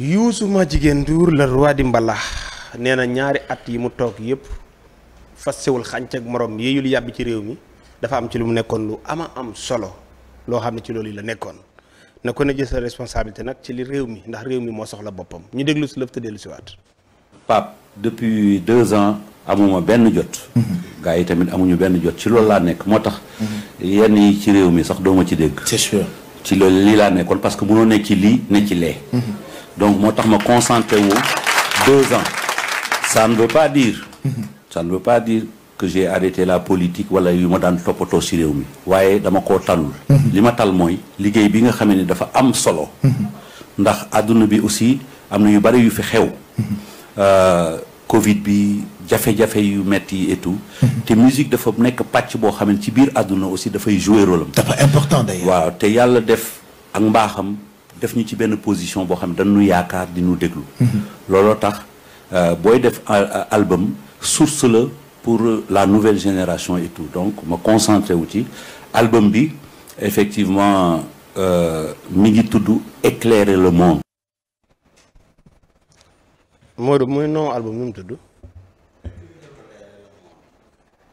Youssou Madjiguène Ndour le roi di mbalax nee na ñaari at yi mu toog yëpp fasewul xànc ak morom yéeyul yàbbi ci réew mi dafa am ci lu mu nekkoon lu ama am solo loo xam ne ci loolu yi la nekkoon na ko nag ci li réew mi ndax réew mi moo soxla boppam ñu déglu si lëf te dellu si waat depuis deux ans amuma benn jot mhm. gars yi tamit amuñu benn jot ci loolu laa nekk moo tax mhm. yenn yi ci réew mi sax dooma ci dégg c'est sûr ci loolu lii laa nekkoon parce que mënoo nekk ci lii ne ci lee mhm. donc moo tax ma concentré wu deux ans ça ne veut pas diir ça ne veut pas dire que j'ai arrêté la politique wala yu ma daan toppatoo si réew mi waaye dama koo talul li ma tal mooy liggéey bi nga xamee ne dafa am solo ndax àdduna bi aussi am na yu bari yu fi xew euh, covid bi jafe-jafe yu metti et tout te musique dafa nekk pàcc boo xam ne ci biir àdduna aussi dafay jouer rôle am important d'ailleurs waaw te yàlla def ak mbaaxam def ñu ci benn position boo xam ne dañu yaakaar di nu déglu. looloo tax euh, booy def album source la pour la nouvelle génération et tout donc ma concentré wu ci album bi effectivement euh, mi ngi tudd éclairer le monde. Modou muy non album tudd.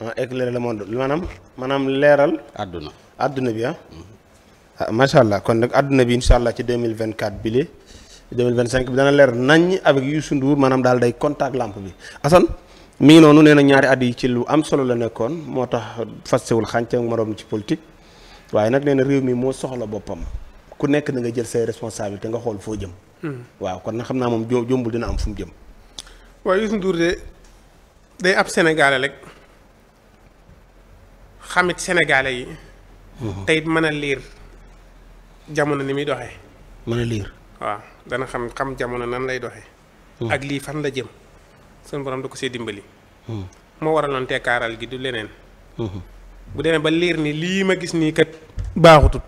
ah le monde maanaam maanaam leeral. àdduna àdduna bi ah. Mm-hmm. ah macha allah kon nag àdduna bi incha allah ci 2024 bi le 2025 bi dana leer naññ avec Youssou Ndour maanaam daal day contact lampe bi Assane mu ngi noonu nee na ñaari at yi ci lu am solo la nekkoon moo tax fasewul xànc ak moroom ci politique waaye nag nee réew mi moo soxla boppam ku nekk na nga jël say te nga xool foo jëm. Hmm. waaw kon nag xam naa moom jó jombul dina am fu mu jëm. waaye Youssou Ndour de day ab sénégalais rek xamit yi. Hmm. tey mën a liir. jamono ni muy doxee. mën a liir. waaw dana xam xam jamono nan lay doxe hmm. ak lii fan la jëm. suñu borom da ko see dimbali. Hmm. moo waraloon teekaaral gi du leneen. Hmm. bu demee ba liir ni lii ma gis nii kat baaxutut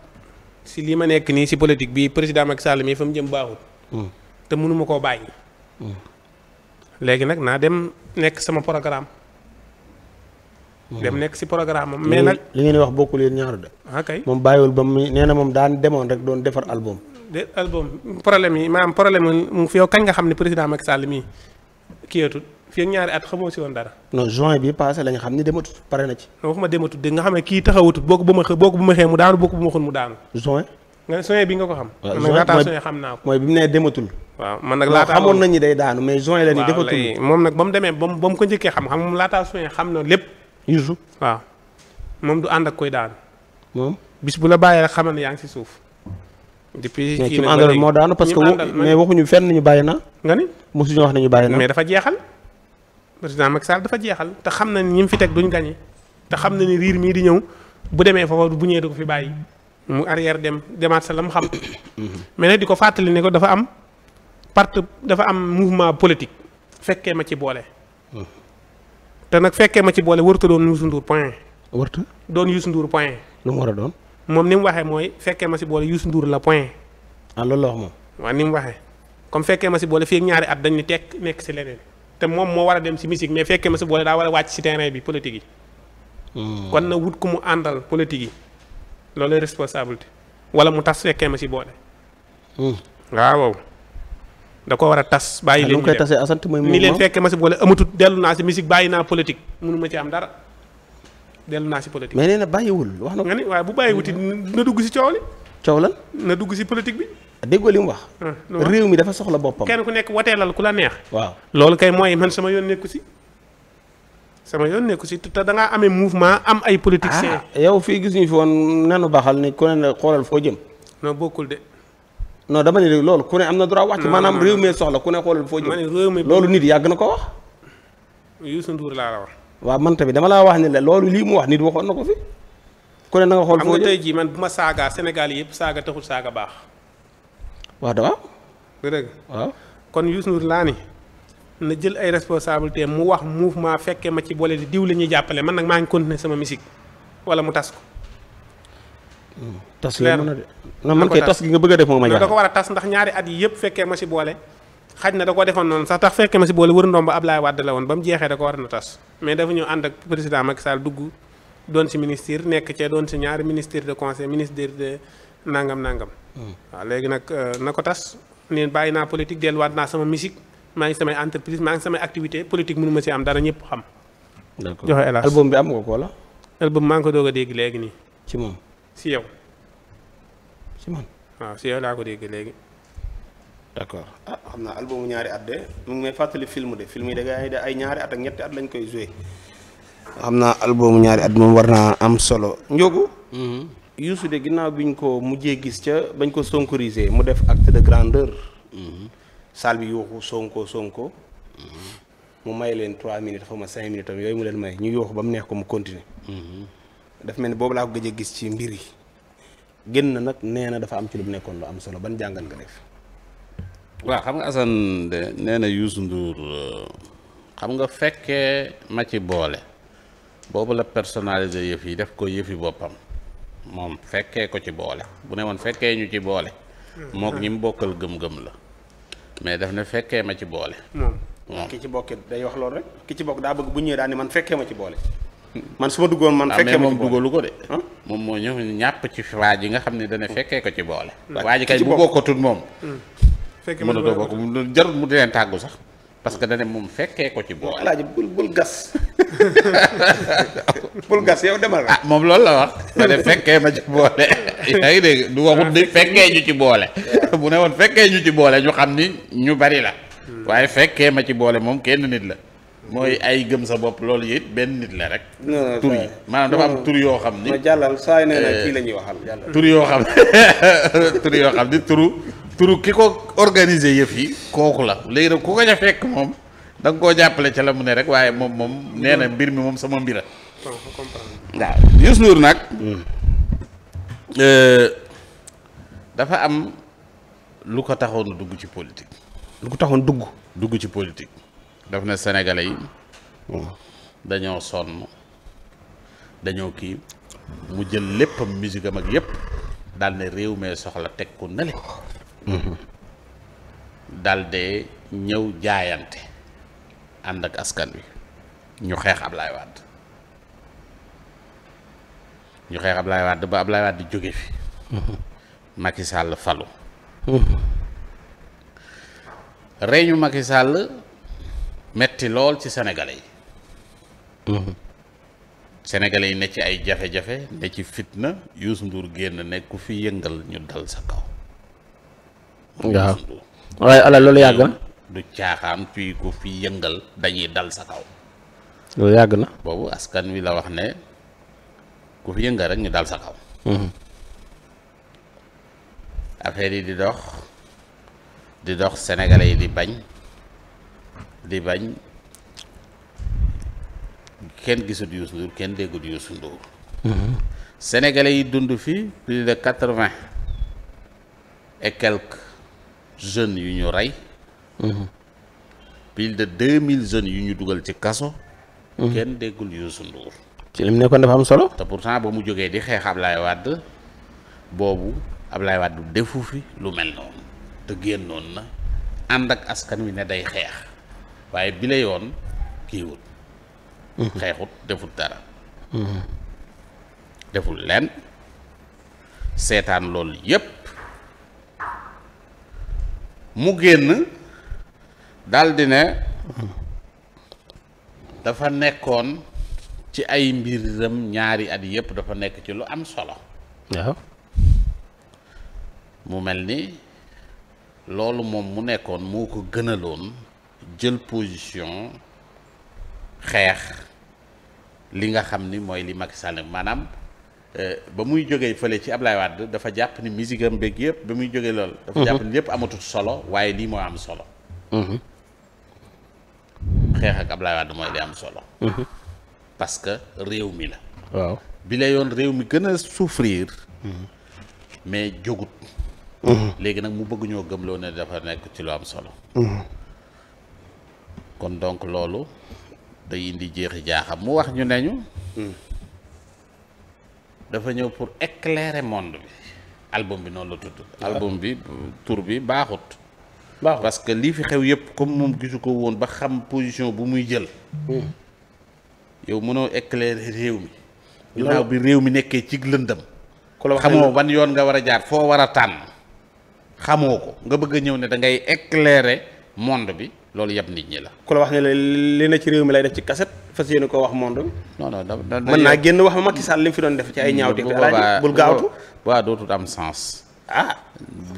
si lii ma nekk nii si politique bii président Macky Sall mii fa mu jëm baaxut. te mënuma koo bàyyi. léegi nag naa dem nekk sama programme. dem mm-hmm. nekk si programme am. mais nag li ngeen di wax bokkul yéen ñaaru de. ah kay moom bàyyiwul ba mu nee moom daan demoon rek doon defar album. de album problème yi maanaam problème mu fi yow kañ nga xam ne président Macky Sall mii kiyatul fii ak ñaari at xamoo si woon dara. non juin bi passé la nga xam ne dematut pare na ci. nga xam ne kii boo ko bu ma xee boo ko bu ma xee mu daanu boo ko bu ma xun mu daanu. juin. nga soñé bi nga ko xam. waaw juin mooy xam naa na lépp yusu waaw moom du ànd ak koy daanu. moom bis bu la bàyyee rek xamal yaa ngi si suuf. depuis kii nag mais moo daanu parce que mais waxuñu fenn ñu bàyyi na. nga ni mosuñu wax ne ñu bàyyi dafa jeexal président Macky Sall dafa jeexal te xam na ñi mu fi teg duñ gañe te xam na ni riir mii di ñëw bu demee foofa bu ñëwee du ko fi bàyyi mu arrière dem demaat sa xam. mais di ko fàttali ne ko dafa am parti dafa am mouvement politique fekkee ma ci boole. te nag fekkee ma ci boole warta doon Youssou Ndour point. warta doon Youssou Ndour point. lu mu war a doon. moom ni mu waxee mooy fekkee ma si boole Youssou Ndour la point. ah loolu la wax moom. waa ni mu waxee comme fekkee ma si boole fii ak ñaari at dañu tekk nekk si leneen te moom moo war a dem si musique mais fekkee ma si boole daa war a wàcc si terrain bi politique yi. Hmm. kon na wut ku mu àndal politique yi loolu responsabilité wala mu tas fekkee ma si boole. Hmm. waaw. da ko war a tas bàyyi ah, leen koy tasee asant mooy ni leen fekkee ma si naa si musique bàyyi naa politique mënu ma ci am dara dellu naa si politique mais nee na bàyyiwul wax na nga ni waaye bu bàyyiwuti mm-hmm. na si coow li coow lan na dugg si politique bi ah, déggoo li mu wax ah, réew mi dafa soxla boppam kenn ku nekk wateelal ku la neex waaw loolu kay mooy man sama yoon nekku si sama yoon nekku si te da ngaa amee mouvement am ay politiciens yow fii gis ñu fi woon nanu baxal ni ku ne xoolal foo jëm noo bokkul de non dama ne loolu ku ne am na droit wax ci maanaam réew mi soxla ku ne xoolal foo jëm loolu nit yàgg na ko wax Youssou la wax waaw man tamit dama laa wax ne la loolu lii mu wax nit waxoon na ko fi ku ne na nga xool foo jii man bu ma saagaa Sénégal yëpp saaga taxul saaga baax waaw dama dëgg waaw kon Youssou Ndour laa ni na jël ay responsabilité mu wax mouvement fekke ma ci boole di diw la ñuy jàppale man nag maa ngi continuer sama musique wala mu tas ko Mm. tas leer na de non man kay tas gi nga bëgg a def moo ma jaaxal da ko war a tas ndax ñaari at yi yëpp fekkee ma si boole xaj na da ko defoon noonu sax tax fekkee ma si boole wër ndomba Ablaye Wade la woon ba mu jeexee da ko war na tas mais dafa ñu ànd ak président Macky Sall dugg doon si ministère nekk cee doon si ñaari ministère de conseil ministère de nangam nangam mm. waaw nag euh, na ko tas neen bàyyi naa politique delluwaat naa sama musique maa ngi samay entreprise maa ngi samay activité politique mënu ma si am dara ñëpp xam joxe hélas album bi am nga ko la album maa ngi ko doog a dégg léegi nii ci moom si yow. si man waaw ah, si yow laa ko dégg léegi. d' accord ah xam naa albumu ñaari at de mu ngi fàttali film de film yi da ngay ay ñaari at ak ñetti at lañ koy joué. xam naa albumu ñaari at moom war naa am solo. njogu mm-hmm. Youssou de ginnaaw bi ñu ko mujjee gis ca bañ ko sonkorisé mu def acte de grandeur. Mm-hmm. salle bi yuuxu sonko sonko. Mm-hmm. mu may leen 3 minutes xaw ma 5 minutes yooyu mu leen may ñu yuuxu ba mu neex ko mu continuer daf mel ni boobu laa ko gëj gis ci mbir yi génn na nag nee na dafa am ci lu mu nekkoon lu am solo ban jàngal nga def. waaw xam nga asan de nee na Youssou Ndour euh, xam nga fekkee ma ci boole boobu la personnalisé yëf yi def ko yëfi boppam moom fekkee ko ci boole bu ne woon fekkee ñu ci boole. Hmm. mook ñi mu bokkal gëm-gëm la mais daf ne fekkee ma ci boole. moom ki ci bokk day wax loolu rek ki ci bokk daa bëgg bu ñëwee daal ni man fekkee ma ci boole. man su ma duggoon man. Ah, fekkee ma moom dugalu ko moom moo ñëw ñàpp ci waa ji nga xam ne dana fekkee ko ci boole. Hmm. waa ji kay bu moom. Hmm. fekkee ma mënatoo bokk mu jarul mu di leen tàggu sax. parce que dana moom fekkee ko ci boole. alaaji bul bul gas. yow demal ah, moom loolu la wax. dana fekkee ma ci boole. du waxut ni ah, fekkee ci boole. bu ne woon fekkee ñu ci boole ñu xam ni ñu bari la. Hmm. waaye fekkee ma ci boole moom kenn nit la. mooy ay gëm sa bopp loolu it benn nit la rek. tur yi maanaam dafa am tur yoo xam ni. ma jàllal saa yi euh, la ñuy waxal jàllal. tur yoo xam tur yoo xam ni turu turu ki ko organiser yëf yi kooku la léegi nag ku ko ca fekk moom da koo jàppale ca la mu ne rek waaye moom moom nee na mbir mi moom sama mbira waaw Youssou Ndour nag. Hmm. Euh, dafa am lu ko taxoon dugg ci politique. lu ko taxoon dugg. dugg ci politique. daf na sénégalais yi dañoo sonn dañoo kii mu jël léppam musique am ak yépp daal réew mee soxla teg ko nale mhm. daal ñëw jaayante ànd ak askan wi ñu xeex Ablaye Wade ñu xeex lay Wade ba Ablaye Wade jóge fi Macky falu réñu Macky Sall metti lool ci sénégalais yi mhm. sénégalais yi ne ci ay jafe-jafe ne ci fitna Youssou Ndour génn ne ku fi yëngal ñu dal sa kaw waaw waaye ala loolu yàgg na du caaxaan fii ku fi yëngal dañuy dal sa kaw loolu yàgg na boobu askan wi la wax ne ku fi yëngal rek ñu dal sa kaw mhm. affaire yi di dox di dox sénégalais yi di bañ di bañ kenn gisut Youssou Ndour kenn déggut Youssou Ndour mhm. sénégalais yi dund fi plus de quatre-vingt et quelques yu ñu rey mhm. plus de deux mille jeunes yu ñu dugal ci kaso mhm. kenn déggul Youssou Ndour ci lim nekkoon dafa am solo te pourtant ba mu jógee di xeex Ablaye Wade boobu Ablaye Wade defu fi lu mel noonu te génnoon na ànd ak askan wi ne day xeex waaye bi la yoon kiiwut xeexut defut dara deful lenn seetaan lool yépp mu génn daldi ne dafa nekkoon ci ay mbir mbiram ñaari at yépp dafa nekk ci lu am solo waaw mu mel ni loolu moom mu nekkoon moo ko gënaloon jël position xeex li nga xam ni mooy li Macky Sall maanaam euh, ba muy jógee fële ci Ablaye Wade dafa jàpp ni musique am beeg yëpp ba muy jógee lool. dafa jàpp ni yëpp amatul solo waaye lii moo am solo. Mm-hmm. xeex ak Ablaye mooy am solo. Mm-hmm. parce que réew mi la. waaw bi la yoon réew mi gën a souffrir. Mm-hmm. mais jógut. léegi nag mu bëgg ñoo gëmloo ne dafa nekk ci lu am solo. kon donc loolu day indi jeexi jaaxam mu wax ñu ne ñu. Hmm. dafa ñëw pour éclairer monde bi. album bi noonu la tudd. Ah. album bi tur bi baaxut. baaxut parce que lii fi xew yëpp comme moom gisu ko woon ba xam position bu muy jël. Hmm. yow mënoo éclairer réew mi. ginnaaw bi réew mi nekkee ci lëndam. xamoo ban yoon nga war a jaar foo war a tànn. xamoo ko nga bëgg a ñëw ne da ngay éclairer monde bi. loolu yab nit ñi la. ku la wax ne la li na ci réew mi lay def ci kaset fas yéene koo wax monde bi. non non da mën naa génn wax ma Macky Sall li mu fi doon def ci ay mm, ñaawteef. alaaji bul gaawtu waaw dootut am sens. ah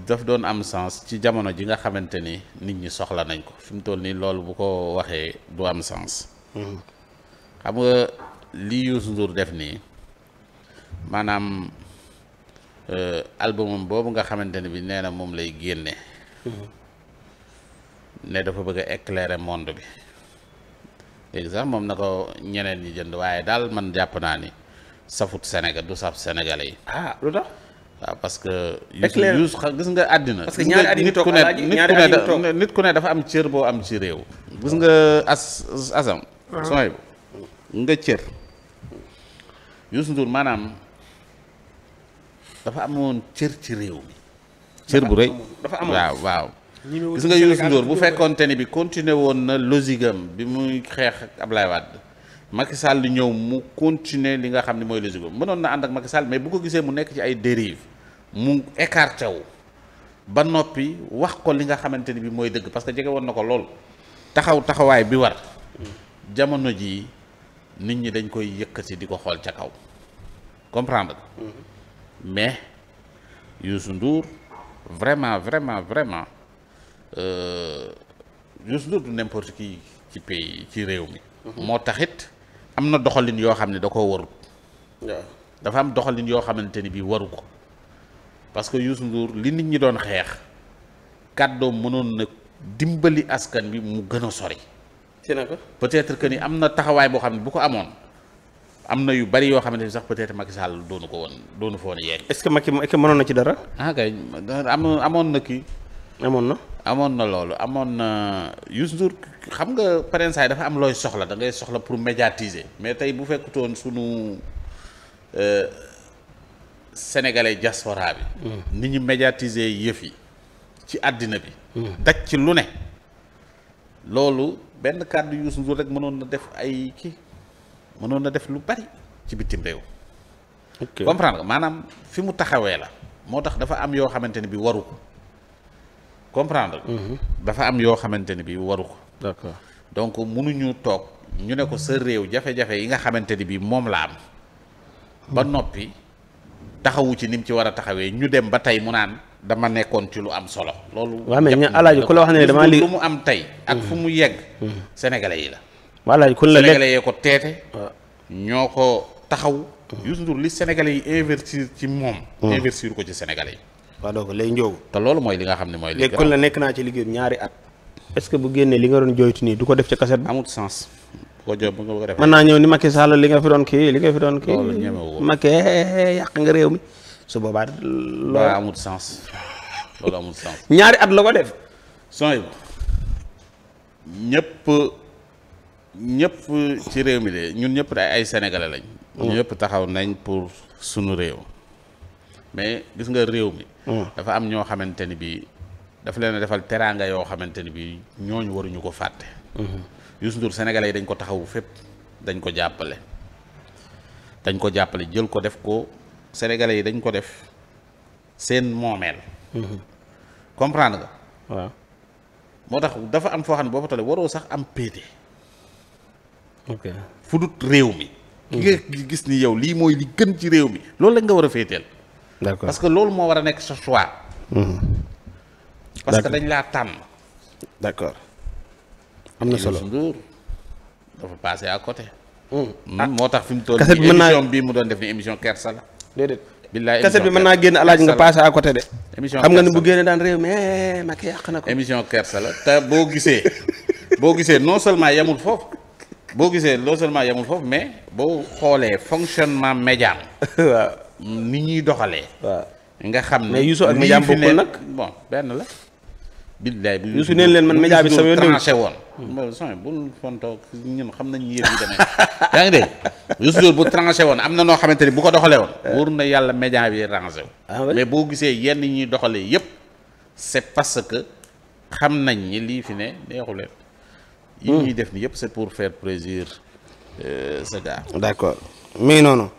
daf doon am sens ci jamono ji nga xamante ni nit ñi soxla nañ ko fi mu toll nii loolu bu ko waxee du am sens. Mm. xam nga li Youssou Ndour def nii maanaam euh, albumam boobu nga xamante ne bi nee na moom lay génne. Mm-hmm. ne dafa bëgg a éclairer monde bi léegi sax moom na ko ñeneen yi jënd waaye daal man jàpp naa ni safut Sénégal du saf Sénégalais yi. ah lu waaw parce que. éclaire yuus gis nga àddina. parce que ñaari yi toog alaaji ñaari at nit ku ne dafa am cër boo am ci réew. Ah. gis nga as asam. Ah. sooy nga cër. Youssou Ndour maanaam dafa amoon cër ci réew mi. cër bu rëy dafa amoon waaw waaw. gis nga Youssou Ndour bu fekkoonte ni bi continuer woon na losigam bi muy xeex ab Ablaye Wade Macky Sall ñëw mu continuer li nga xam ne mooy losigam mënoon na ànd ak Macky Sall mais bu ko gisee mu nekk ci ay dérive mu écarté wu ba noppi wax ko li nga xamante ni bi mooy dëgg parce que jege woon na ko lool taxaw taxawaay bi war jamono jii nit ñi dañ koy yëkkati di ko xool ca kaw comprendre mm-hmm. mais Youssou Ndour vraiment vraiment vraiment Euh, Youssou Ndour du n'importe qui ci pays ci réew mi. moo taxit am na doxalin yoo xam ne da koo warut. waaw dafa am doxalin yoo xamante ni bii waru ko parce que Youssou Ndour li nit ñi doon xeex kàddoom mënoon nag dimbali askan bi mu gën a sori. ci naka peut-être que ni am na taxawaay boo xam ne bu ko amoon. am na yu bari yoo xamante ni sax peut-être Macky Sall doonu ko woon doonu fa woon yéen. est-ce que Macky mënoon na ci dara. Ah, am amoon na kii. amoon na. amoon na loolu amoon na Youssou Ndour xam nga parents yi dafa am looy soxla da ngay soxla pour médiatiser mais tey bu fekkutoon sunu euh, sénégalais diaspora bi. Mm. nit ñi médiatiser yëf yi ci àddina bi. Mm. daj ci lu ne. loolu benn kàddu Youssou Ndour rek mënoon na def ay kii mënoon na def lu bari ci bitim réew. comprendre nga maanaam fi mu taxawee la moo tax dafa am yoo xamante ne bi waru comprendre mhm. dafa am yoo xamante ni bi waru ko donc mënuñu toog ñu ne ko sa réew jafe-jafe yi nga xamante ni bi moom la am ba hmm. noppi taxawu ci ni mu ci war a taxawee ñu dem ba tey mu naan dama nekkoon ci lu am solo loolu waaw mais ña la wax ne dama li lu mu am tey ak fu hmm. mu yegg hmm. sénégalais yi la waalaaji kun la sénégalais yee ko teete ah. ñoo ko taxaw Youssou li sénégalais yi investir ci moom investir ko ci sénégalais yi waaw donc lay njóogu te loolu mooy li nga xam ne mooy léegi kon la nekk naa ci liggéey ñaari at est-ce bu génnee li nga doon jooytu nii du ko def ci kaset bi amul sens ko jooy bu nga ko def mën naa ñëw ni Macky Sall li nga fi doon kii li nga fi doon kii loolu ñemewu Macky eh, yàq nga réew mi su boobaa loolu amul sens loolu amul sens ñaari at la ko def sony ñëpp ñëpp ci réew mi de ñun ñëpp ay Sénégalais lañ mm. ñëpp taxaw nañ pour sunu réew mais gis nga réew mi. Hmm. dafa am ñoo xamante ni bii dafa leen a defal teraanga yoo xamante ni bii ñooñu waruñu ko fàtte. Hmm. Youssou Ndour sénégalais yi dañ ko taxawu fépp dañ ko jàppale. dañ ko jàppale jël ko def ko sénégalais yi dañ ko def seen moomeel. Hmm. comprendre nga. waaw moo tax dafa am foo xam ne boo fa tollee waroo sax am péete. ok fu dut réew mi. ki nga gis ni yow lii mooy li gën ci réew mi loolu lañ nga war a féeteel. d'accord parce que loolu moo war a nekk sa choix. Mhm. parce que dañ laa tànn. d'accord am na solo dafa passé ak côté. Mhm. Mm. ah moo tax fi mu toll. kaset bi mën naa émission bii mu doon def ni émission kersa la. déedéet billaay kaset bi mën génn alaaj nga passé à côté de. émission xam nga ni bu génne daan réew mi eh, ma ki yàq na ko. émission kersa la boo gisee boo gisee non seulement yamul foofu boo gisee non seulement yemul foofu mais boo xoolee fonctionnement médian waaw. ni ñuy doxalee. waaw nga xam ne. Youssou ak média bokkul nag bon benn la. billaay bi Youssou neen leen man média bi sama yoon tranché woon. loolu sooy bul ñun xam nañ yéen yi demee. yaa ngi bu tranché woon am na noo xamante ni bu ko doxalee woon. wóor na yàlla média bi rangé ah mais boo gisee yenn ñuy doxalee yépp c'est parce que xam nañ ni lii fi ne neexu leen. yi ñuy hmm. def ni yépp c'est pour faire plaisir euh, sa gars. d'accord mais non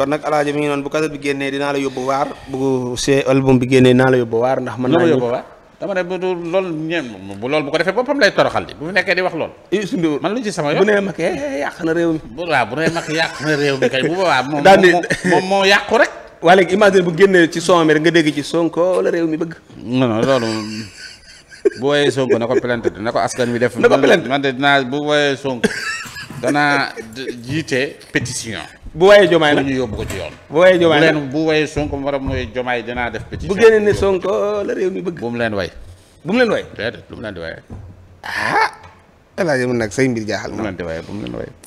kon nag alaaji mi ngi noonu bu kaset bi génnee dinaa la yóbbu waar bu see album bi génnee dinaa la yóbbu waar ndax mën naa yóbbu waar dama ne bu loolu ñeem bu loolu bu ko defee boppam lay toroxal di bu fi nekkee di wax lool sundiwul man lu ci sama yoon bu nee mag eh, eh, yàq na réew mi waaw bu nee mag yàq na bu boobaa yàqu rek waa léegi bu génnee ci son mi rek nga dégg ci Sonko la réew mi bëgg non non loolu bu woyee Sonko na ko plainte na ko askan wi def man de dinaa bu woyee Sonko danaa jiite pétition bu wayee jomaay nag ñu yóbbu ko ci yoon. bu wayee jomaay nag bu leen bu wayee Sonko mu war a mooy jomaay dinaa def. pétition bu génnee ne Sonko la réew mi bëgg. bu mu leen way. bu mu leen way. déedéet bu mu leen di waye. ah. El Hadj nag say mbir jaaxal na. bu mu leen di waye way.